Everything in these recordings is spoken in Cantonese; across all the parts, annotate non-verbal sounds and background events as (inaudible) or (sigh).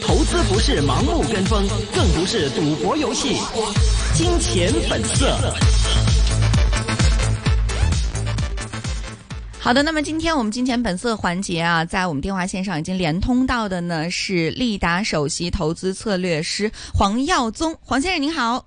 投資不是盲目跟風，更不是賭博遊戲。金錢本色。好的，那麼今天我們金錢本色環節啊，在 (noise) 我們電話線上已經連通到的呢，是立達首席投資策略師黃耀宗， (noise) 黃先生您好。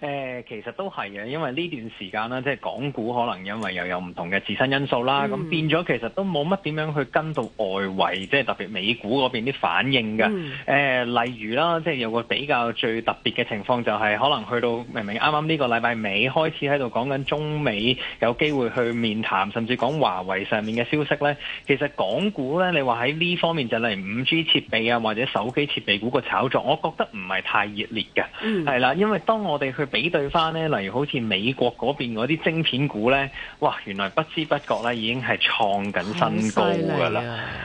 誒、呃，其實都係嘅，因為呢段時間即係港股可能因為又有唔同嘅自身因素啦，咁、嗯、變咗其實都冇乜點樣去跟到外圍，即係特別美股嗰邊啲反應嘅。誒、嗯呃，例如啦，即係有個比較最特別嘅情況就係、是，可能去到明明啱啱呢個禮拜尾開始喺度講緊中美有機會去面談，甚至講華為上面嘅消息咧，其實港股咧，你話喺呢方面就是、例如五 G 設備啊或者手機設備股個炒作，我覺得唔係太熱烈嘅，係、嗯、啦，因為當我哋。佢比對翻呢，例如好似美國嗰邊嗰啲晶片股呢，哇！原來不知不覺呢已經係創緊新高噶啦，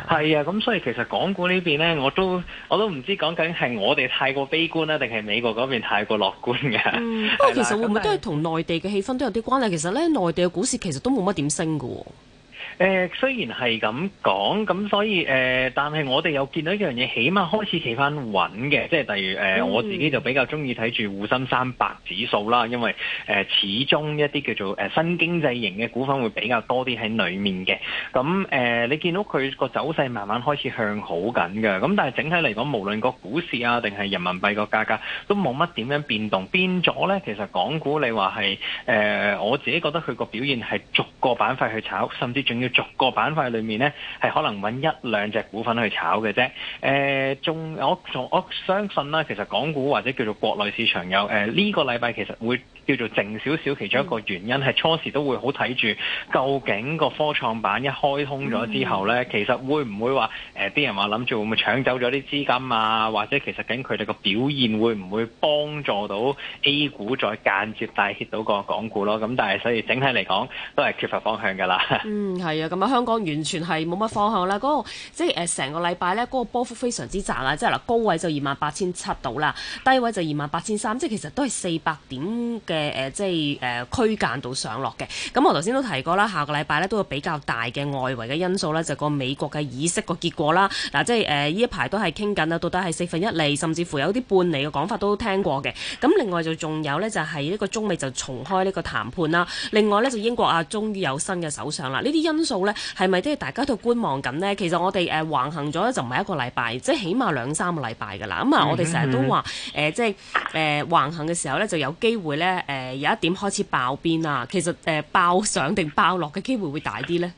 係啊！咁、啊、所以其實港股呢邊呢，我都我都唔知講緊係我哋太過悲觀啦，定係美國嗰邊太過樂觀嘅。不、嗯、過、啊、其實會唔會都係同內地嘅氣氛都有啲關係？其實呢，內地嘅股市其實都冇乜點升嘅。誒、呃、雖然係咁講，咁所以誒、呃，但係我哋又見到一樣嘢，起碼開始企翻穩嘅。即係例如誒、呃嗯，我自己就比較中意睇住滬深三百指數啦，因為誒、呃、始終一啲叫做誒、呃、新經濟型嘅股份會比較多啲喺裡面嘅。咁、嗯、誒、呃，你見到佢個走勢慢慢開始向好緊嘅。咁但係整體嚟講，無論個股市啊定係人民幣個價格，都冇乜點樣變動。變咗咧，其實港股你話係誒，我自己覺得佢個表現係逐個板塊去炒，甚至仲要逐個板塊裡面咧，係可能揾一兩隻股份去炒嘅啫。誒、呃，仲我仲我相信啦，其實港股或者叫做國內市場有誒，呢、呃呢個禮拜其實會。叫做靜少少，其中一個原因係、嗯、初時都會好睇住，究竟個科創板一開通咗之後呢，嗯、其實會唔會話誒啲人話諗住會唔會搶走咗啲資金啊？或者其實緊佢哋個表現會唔會幫助到 A 股再間接帶 h 到個港股咯？咁但係所以整體嚟講都係缺乏方向㗎啦。嗯，係啊，咁啊香港完全係冇乜方向啦。嗰、那個即係成個禮拜呢，嗰、那個波幅非常之窄啦。即係嗱，高位就二萬八千七度啦，低位就二萬八千三，即係其實都係四百點。嘅、呃、即係誒、呃、區間度上落嘅。咁我頭先都提過啦，下個禮拜咧都有比較大嘅外圍嘅因素咧，就個、是、美國嘅議息個結果啦。嗱、呃，即係誒呢一排都係傾緊啦，到底係四分一厘，甚至乎有啲半厘嘅講法都聽過嘅。咁另外就仲有咧，就係、是、呢個中美就重開呢個談判啦。另外咧就英國啊，終於有新嘅首相啦。呢啲因素咧係咪即係大家都觀觀望緊呢？其實我哋誒、呃、橫行咗就唔係一個禮拜，即係起碼兩三個禮拜噶啦。咁啊，我哋成日都話誒，即係、呃、橫行嘅時候咧，就有機會咧。誒有一點開始爆邊啊，其實，呃，爆上定爆落嘅機會會大啲咧。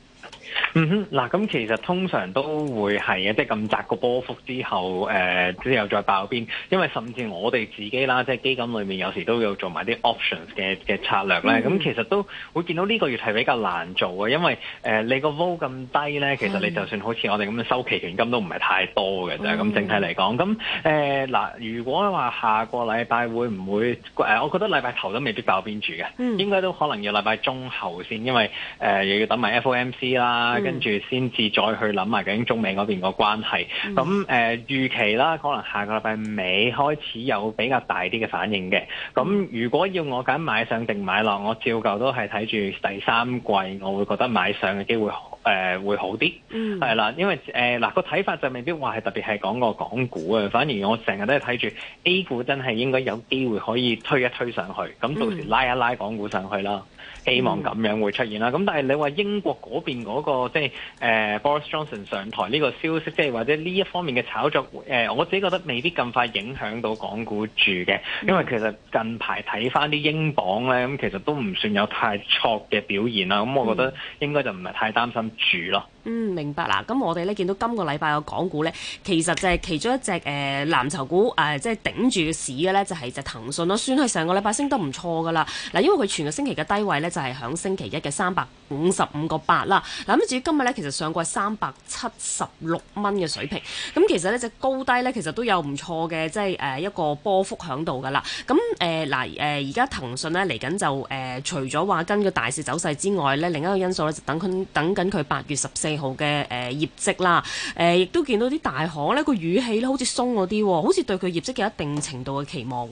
嗯哼，嗱，咁其實通常都會係，即係咁窄個波幅之後，誒、呃、之後再爆邊，因為甚至我哋自己啦，即係基金裏面有時都有做埋啲 options 嘅嘅策略咧。咁、嗯、其實都會見到呢個月係比較難做嘅，因為、呃、你個 vol 咁低咧、嗯，其實你就算好似我哋咁樣收期權金都唔係太多嘅啫。咁、嗯、整體嚟講，咁誒嗱，如果話下個禮拜會唔會、呃、我覺得禮拜頭都未必爆邊住嘅、嗯，應該都可能要禮拜中後先，因為誒、呃、又要等埋 FOMC 啦。啊、嗯，跟住先至再去諗埋究竟中美嗰邊個關係。咁誒預期啦，可能下個禮拜尾開始有比較大啲嘅反應嘅。咁如果要我揀買上定買落，我照舊都係睇住第三季，我會覺得買上嘅機會好。誒、呃、會好啲，係、嗯、啦，因為誒嗱、呃那個睇法就未必話係特別係講個港股啊，反而我成日都係睇住 A 股真係應該有機會可以推一推上去，咁到時拉一拉港股上去啦、嗯，希望咁樣會出現啦。咁、嗯、但係你話英國嗰邊嗰、那個即係誒、呃、Boris Johnson 上台呢個消息，即係或者呢一方面嘅炒作、呃，我自己覺得未必咁快影響到港股住嘅、嗯，因為其實近排睇翻啲英鎊咧，咁其實都唔算有太錯嘅表現啦，咁、嗯、我覺得應該就唔係太擔心。住咯。嗯，明白啦。咁我哋咧見到今個禮拜嘅港股咧，其實就係其中一隻誒、呃、藍籌股誒，即係頂住市嘅咧，就係、是、就是、隻騰訊咯。算係上個禮拜升得唔錯噶啦。嗱，因為佢全個星期嘅低位咧，就係、是、喺星期一嘅三百五十五個八啦。嗱，咁至於今日咧，其實上過三百七十六蚊嘅水平。咁其實呢，隻高低咧，其實都有唔錯嘅，即、就、係、是、一個波幅喺度噶啦。咁誒嗱而家騰訊咧嚟緊就、呃、除咗話跟個大市走勢之外咧，另一個因素咧就等佢等緊佢八月十四。好嘅，誒，業績啦，誒，亦都見到啲大行呢個語氣呢，好似鬆咗啲，好似對佢業績有一定程度嘅期望。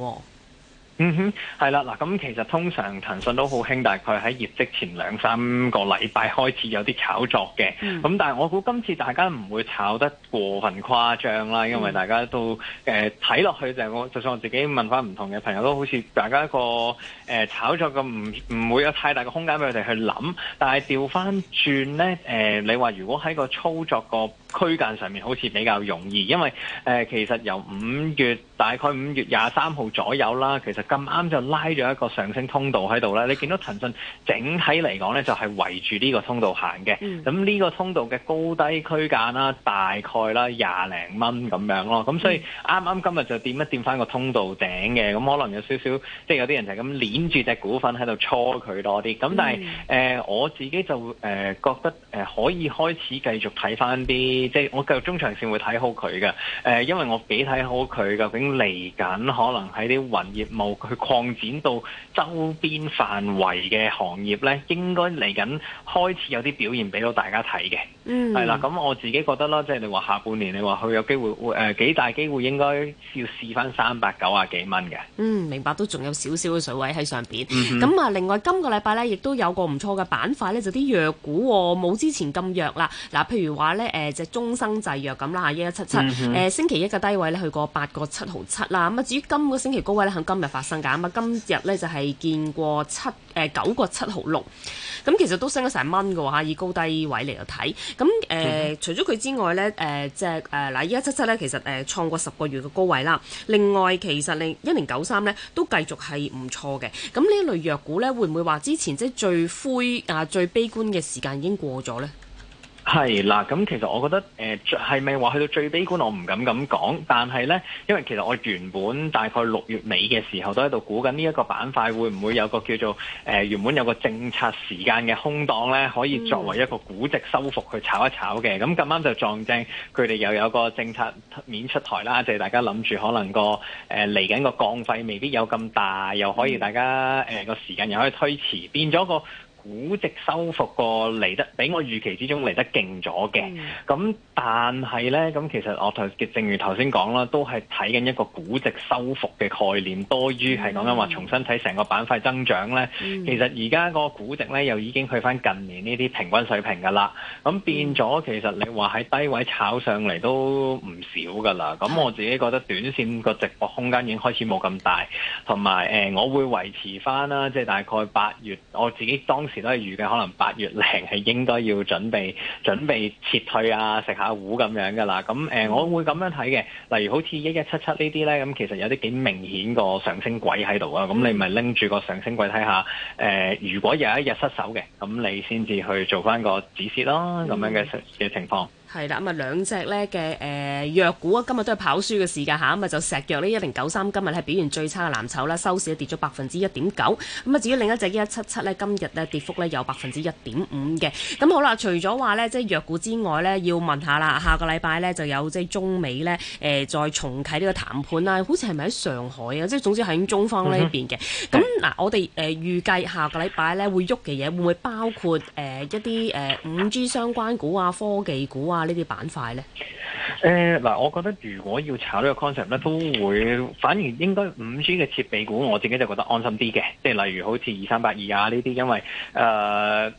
嗯哼，係啦嗱，咁其實通常騰訊都好興，大概喺業績前兩三個禮拜開始有啲炒作嘅。咁、嗯、但係我估今次大家唔會炒得過分誇張啦，因為大家都誒睇落去就係我，就算我自己問翻唔同嘅朋友都好似大家一個誒、呃、炒作嘅唔唔會有太大嘅空間俾佢哋去諗。但係調翻轉咧，誒、呃、你話如果喺個操作個區間上面好似比較容易，因為誒、呃、其實由五月大概五月廿三號左右啦，其實。咁啱就拉咗一個上升通道喺度啦。你見到騰訊整體嚟講咧就係圍住呢個通道行嘅，咁、嗯、呢、呢個通道嘅高低區間啦，大概啦廿零蚊咁樣咯，咁所以啱啱今日就掂一掂翻個通道頂嘅，咁可能有少少即係有啲人就係咁捏住隻股份喺度搓佢多啲，咁但係誒、嗯呃、我自己就誒、呃、覺得誒、呃、可以開始繼續睇翻啲，即係我繼續中長線會睇好佢嘅，誒、呃、因為我幾睇好佢究竟嚟緊可能喺啲雲業務。佢擴展到周邊範圍嘅行業呢，應該嚟緊開始有啲表現俾到大家睇嘅。嗯，係啦，咁我自己覺得啦，即係你話下半年，你話佢有機會會誒、呃、幾大機會，應該要試翻三百九啊幾蚊嘅。嗯，明白，都仲有少少嘅水位喺上邊。咁、嗯、啊，另外今個禮拜呢，亦都有個唔錯嘅板塊呢，就啲、是、藥股冇之前咁弱啦。嗱，譬如話呢，誒、呃，就中生製藥咁啦一一七七，誒、嗯呃、星期一嘅低位咧去過八個七毫七啦。咁啊，至於今個星期高位呢，喺今日發。啊，今日咧就係見過七誒九個七毫六，咁、呃、其實都升咗成蚊嘅喎，以高低位嚟到睇。咁誒、呃嗯，除咗佢之外咧，即係誒嗱依一七七咧，就是呃、其實誒創過十個月嘅高位啦。另外，其實另一零九三咧都繼續係唔錯嘅。咁呢一類藥股咧，會唔會話之前即係最灰啊、最悲觀嘅時間已經過咗咧？係啦，咁其實我覺得誒，係咪話去到最悲觀，我唔敢咁講。但係呢，因為其實我原本大概六月尾嘅時候都喺度估緊呢一個板塊會唔會有個叫做、呃、原本有個政策時間嘅空檔呢，可以作為一個估值修復去炒一炒嘅。咁咁啱就撞正佢哋又有個政策面出台啦，就係、是、大家諗住可能個誒嚟緊個降費未必有咁大，又可以大家誒個、呃、時間又可以推遲，變咗個。估值收復過嚟得，比我預期之中嚟得勁咗嘅。咁、嗯、但係呢，咁其實我正如頭先講啦，都係睇緊一個估值收復嘅概念多於係咁樣話重新睇成個板塊增長呢。嗯、其實而家個估值呢，又已經去翻近年呢啲平均水平㗎啦。咁變咗其實你話喺低位炒上嚟都唔少㗎啦。咁、嗯、我自己覺得短線個值博空間已經開始冇咁大，同埋、呃、我會維持翻啦，即係大概八月我自己當。都係預計可能八月零係應該要準備準備撤退啊，食下糊咁樣噶啦。咁誒、呃，我會咁樣睇嘅。例如好似一一七七呢啲咧，咁其實有啲幾明顯個上升軌喺度啊。咁你咪拎住個上升軌睇下。誒，如果有一日失手嘅，咁你先至去做翻個止蝕咯。咁樣嘅嘅情況。係啦，咁啊兩隻呢嘅誒藥股的的啊，今日都係跑輸嘅時間嚇，咁啊就石藥呢，一零九三今日係表現最差嘅藍籌啦，收市跌咗百分之一點九。咁啊至於另一隻一一七七呢，今日呢跌幅呢有百分之一點五嘅。咁好啦，除咗話呢即係藥股之外呢，要問下啦，下個禮拜呢，就有即係中美呢、呃，再重啟呢個談判啦，好似係咪喺上海啊？即係總之喺中方呢邊嘅。咁嗱、呃，我哋誒、呃、預計下個禮拜呢，會喐嘅嘢，會唔會包括、呃、一啲五 G 相關股啊、科技股啊？呢啲板塊呢，誒，嗱，我覺得如果要炒呢個 concept 咧，都會反而應該五 G 嘅設備股，我自己就覺得安心啲嘅。即係例如好似二三八二啊呢啲，因為誒、呃、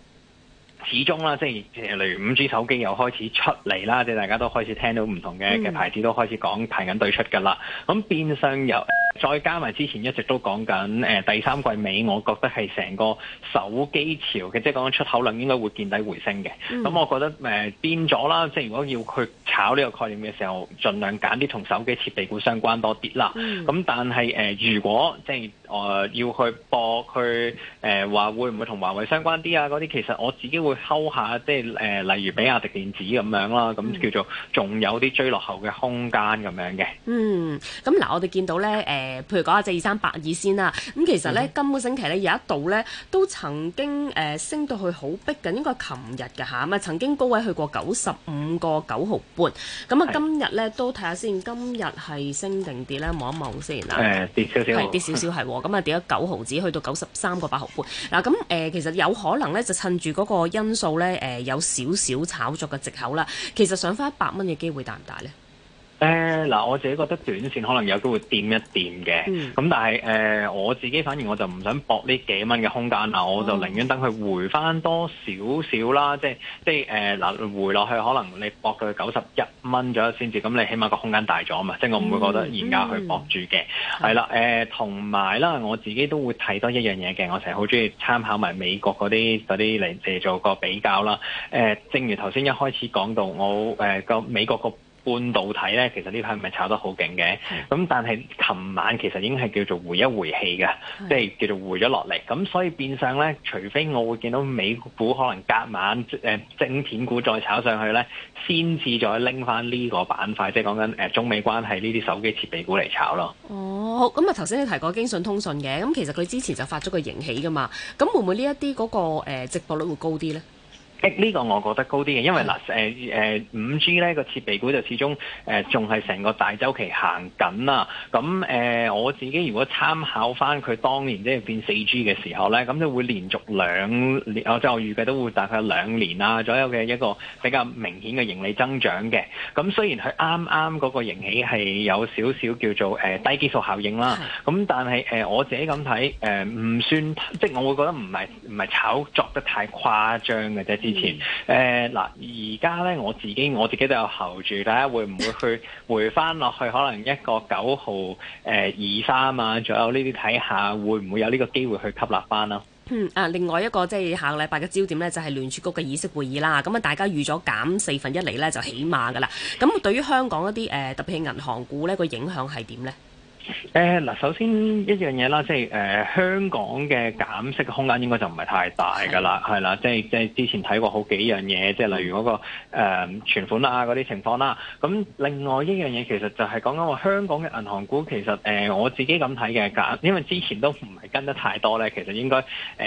始終啦，即係例如五 G 手機又開始出嚟啦，即係大家都開始聽到唔同嘅嘅牌子、嗯、都開始講排緊隊出噶啦。咁變相由，再加埋之前一直都講緊、呃、第三季尾，我覺得係成個手機潮嘅，即係講出口量應該會見底回升嘅。咁、嗯、我覺得、呃、變咗啦，即係如果要去炒呢個概念嘅時候，盡量揀啲同手機設備股相關多啲啦。咁、嗯嗯、但係、呃、如果即係、呃、要去博佢話會唔會同華為相關啲啊？嗰啲其實我自己會睺下，即係、呃、例如比亞迪電子咁樣啦，咁、嗯、叫做仲有啲追落後嘅空間咁樣嘅。嗯，咁嗱，我哋見到咧誒、呃，譬如講下隻二三八二先啦。咁、嗯、其實咧，今個星期咧有一度咧都曾經誒、呃、升到去好逼緊，應該琴日嘅嚇。咁啊，曾經高位去過九十五個九毫半。咁、嗯、啊、嗯，今日咧都睇下先，今日係升定跌咧，望一望先啦。誒、嗯，跌少少，係跌少少係喎。咁 (laughs) 啊，跌咗九毫子，去到九十三個八毫半。嗱，咁誒，其實有可能咧，就趁住嗰個因素咧，誒、呃、有少少炒作嘅藉口啦。其實上返一百蚊嘅機會大唔大咧？誒、呃、嗱，我自己覺得短線可能有機會掂一掂嘅，咁、嗯、但係誒、呃、我自己反而我就唔想博呢幾蚊嘅空間啦、哦，我就寧願等佢回翻多少少啦，即係即係誒嗱回落去可能你博佢九十一蚊左右先至，咁你起碼個空間大咗嘛，嗯、即係我唔會覺得現價去博住嘅，係、嗯、啦，同埋啦，我自己都會睇多一樣嘢嘅，我成日好中意參考埋美國嗰啲嗰啲嚟做個比較啦，呃、正如頭先一開始講到，我、呃、美國個半導體咧，其實呢排咪炒得好勁嘅，咁但係琴晚其實已經係叫做回一回氣嘅，即係叫做回咗落嚟，咁所以變相咧，除非我會見到美股可能隔晚誒、呃、晶片股再炒上去咧，先至再拎翻呢個板塊，即係講緊中美關係呢啲手機設備股嚟炒咯。哦，好，咁啊頭先你提過京信通訊嘅，咁其實佢之前就發咗個盈喜噶嘛，咁會唔會呢一啲嗰個、呃、直播率會高啲咧？呢、這個我覺得高啲嘅，因為嗱誒誒五 G 呢個設備股就始終誒仲係成個大周期行緊啦。咁、啊、誒、呃、我自己如果參考翻佢當年即係變四 G 嘅時候咧，咁就會連續兩年，我就預計都會大概兩年啊左右嘅一個比較明顯嘅盈利增長嘅。咁、啊、雖然佢啱啱嗰個盈起係有少少叫做誒、呃、低基數效應啦，咁、啊、但係誒、呃、我自己咁睇誒唔算，即係我會覺得唔係唔係炒作得太誇張嘅啫。之、嗯、前，誒、嗯、嗱，而家咧我自己我自己都有睺住，大家會唔會去 (laughs) 回翻落去？可能一個九號誒二三啊，仲有呢啲睇下，會唔會有呢個機會去吸納翻啦？嗯，啊，另外一個即係、就是、下個禮拜嘅焦點咧，就係、是、聯儲局嘅議息會議啦。咁啊，大家預咗減四分一釐咧，就起碼噶啦。咁對於香港一啲誒、呃，特別係銀行股呢個影響係點咧？誒、呃、嗱，首先一樣嘢啦，即係誒、呃、香港嘅減息嘅空間應該就唔係太大噶啦，係啦，即係即係之前睇過好幾樣嘢，即係例如嗰、那個誒、呃、存款啊嗰啲情況啦、啊。咁另外一樣嘢其實就係講緊話香港嘅銀行股，其實誒、呃、我自己咁睇嘅㗎，因為之前都唔係跟得太多咧，其實應該誒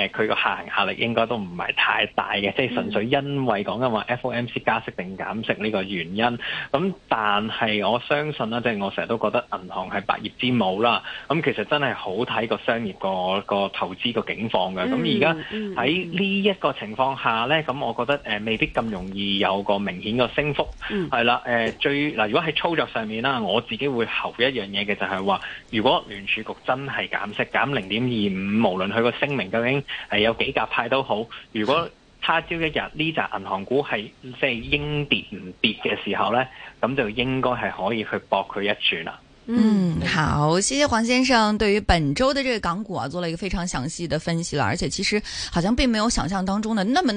佢個下行壓力應該都唔係太大嘅，即係純粹因為講緊話 FOMC 加息定減息呢個原因。咁但係我相信啦，即係我成日都覺得銀行係百業之。冇啦，咁其實真係好睇個商業個個投資個境況嘅。咁而家喺呢一個情況下呢，咁、嗯、我覺得未必咁容易有個明顯個升幅。係、嗯、啦，最嗱，如果喺操作上面啦，我自己會候一樣嘢嘅就係、是、話，如果聯儲局真係減息減零點二五，無論佢個聲明究竟係有幾鴿派都好，如果他朝一日呢隻銀行股係即係應跌唔跌嘅時候呢，咁就應該係可以去搏佢一轉啦。嗯，好，謝謝黃先生對於本周的這個港股啊，做了一個非常詳細的分析了，而且其實好像並沒有想象當中的那麼。